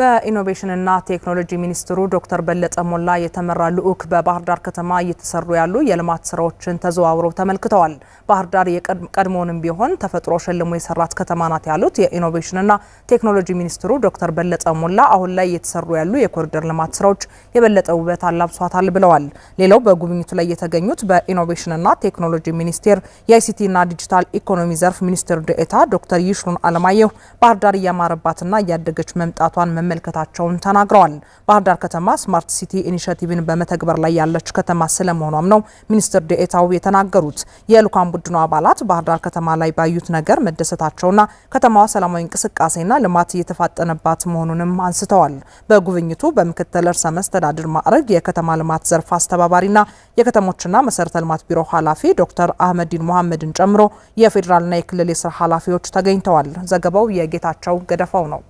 በኢኖቬሽንና ቴክኖሎጂ ሚኒስትሩ ዶክተር በለጠ ሞላ የተመራ ልዑክ በባህር ዳር ከተማ እየተሰሩ ያሉ የልማት ስራዎችን ተዘዋውረው ተመልክተዋል። ባህር ዳር ቢሆን ተፈጥሮ ሸልሞ የሰራት ከተማ ናት ያሉት የኢኖቬሽንና ቴክኖሎጂ ሚኒስትሩ ዶክተር በለጠ ሞላ አሁን ላይ እየተሰሩ ያሉ የኮሪደር ልማት ስራዎች የበለጠ ውበት አላብሷታል ብለዋል። ሌላው በጉብኝቱ ላይ የተገኙት በኢኖቬሽንና ቴክኖሎጂ ሚኒስቴር የአይሲቲና ዲጂታል ኢኮኖሚ ዘርፍ ሚኒስትር ዴኤታ ዶክተር ይሽሩን አለማየሁ ባህር ዳር እያማረባትና እያደገች መምጣቷን መመልከታቸውን ተናግረዋል። ባህር ዳር ከተማ ስማርት ሲቲ ኢኒሽቲቭን በመተግበር ላይ ያለች ከተማ ስለመሆኗም ነው ሚኒስትር ዴኤታው የተናገሩት። የልዑካን ቡድኑ አባላት ባህር ዳር ከተማ ላይ ባዩት ነገር መደሰታቸውና ከተማዋ ሰላማዊ እንቅስቃሴና ልማት እየተፋጠነባት መሆኑንም አንስተዋል። በጉብኝቱ በምክትል ርዕሰ መስተዳድር ማዕረግ የከተማ ልማት ዘርፍ አስተባባሪና የከተሞችና መሰረተ ልማት ቢሮ ኃላፊ ዶክተር አህመዲን መሐመድን ጨምሮ የፌዴራልና የክልል የስራ ኃላፊዎች ተገኝተዋል። ዘገባው የጌታቸው ገደፋው ነው።